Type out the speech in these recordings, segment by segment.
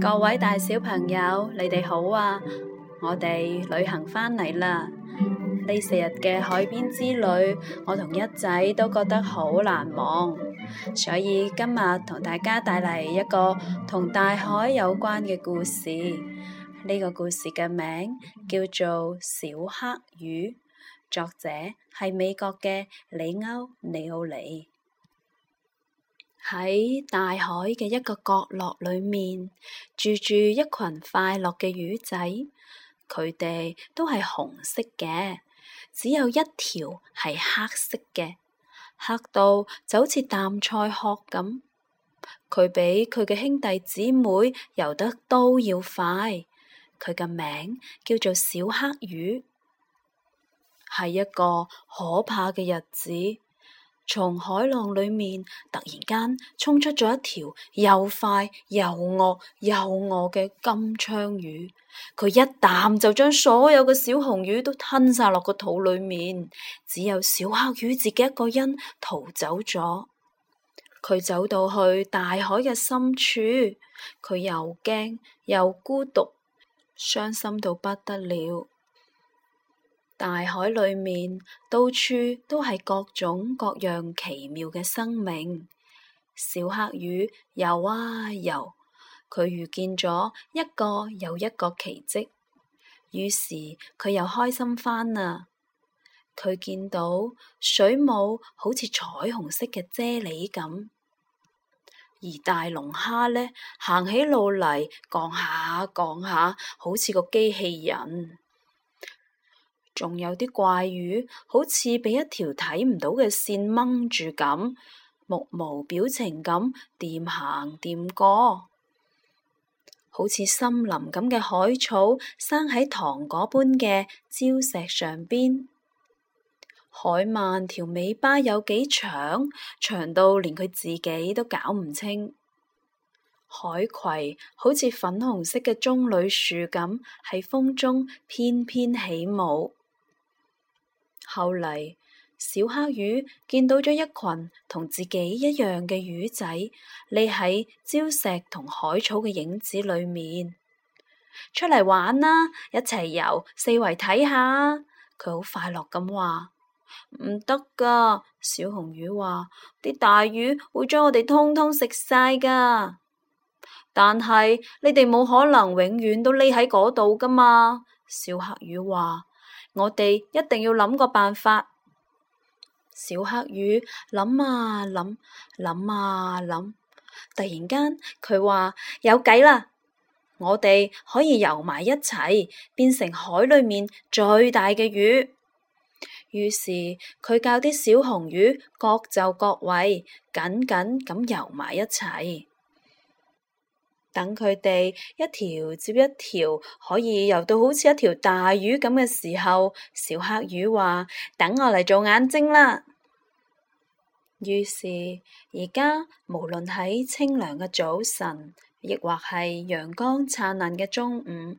各位大小朋友，你哋好啊！我哋旅行返嚟啦，呢四日嘅海邊之旅，我同一仔都覺得好難忘，所以今日同大家帶嚟一個同大海有關嘅故事。呢、這個故事嘅名叫做《小黑魚》，作者係美國嘅李歐李奧尼。喺大海嘅一個角落裏面，住住一群快樂嘅魚仔。佢哋都係紅色嘅，只有一條係黑色嘅，黑到就好似淡菜殼咁。佢比佢嘅兄弟姊妹游得都要快。佢嘅名叫做小黑魚。係一個可怕嘅日子，從海浪裏面突然間衝出咗一條又快又惡又餓嘅金槍魚，佢一啖就將所有嘅小紅魚都吞晒落個肚裏面，只有小黑魚自己一個人逃走咗。佢走到去大海嘅深處，佢又驚又孤獨，傷心到不得了。大海裏面到處都係各種各樣奇妙嘅生命，小黑魚游啊游，佢遇見咗一個又一個奇跡，於是佢又開心返啦。佢見到水母好似彩虹色嘅啫喱咁，而大龍蝦呢，行起路嚟，降下降下，降下好似個機器人。仲有啲怪魚，好似俾一條睇唔到嘅線掹住咁，目無表情咁掂行掂過，好似森林咁嘅海草生喺糖果般嘅礁石上邊。海鰻條尾巴有幾長，長到連佢自己都搞唔清。海葵好似粉紅色嘅棕櫚樹咁，喺風中翩翩起舞。後嚟，小黑魚見到咗一群同自己一樣嘅魚仔，匿喺礁石同海草嘅影子裏面，出嚟玩啦，一齊游四圍睇下。佢好快樂咁話：唔得噶！小紅魚話：啲大魚會將我哋通通食晒噶。但係你哋冇可能永遠都匿喺嗰度噶嘛？小黑魚話。我哋一定要諗個辦法。小黑魚諗啊諗，諗啊諗，突然間佢話有計啦！我哋可以游埋一齊，變成海裏面最大嘅魚。於是佢教啲小紅魚各就各位，緊緊咁游埋一齊。等佢哋一條接一條，可以游到好似一條大魚咁嘅時候，小黑魚話：等我嚟做眼睛啦。於是而家，無論喺清涼嘅早晨，亦或係陽光燦爛嘅中午，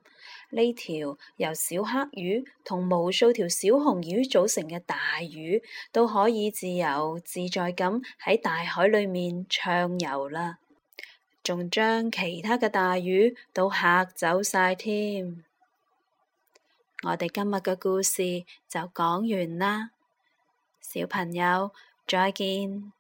呢條由小黑魚同無數條小紅魚組成嘅大魚，都可以自由自在咁喺大海裏面暢游啦。仲將其他嘅大魚都嚇走晒添，我哋今日嘅故事就講完啦，小朋友，再見。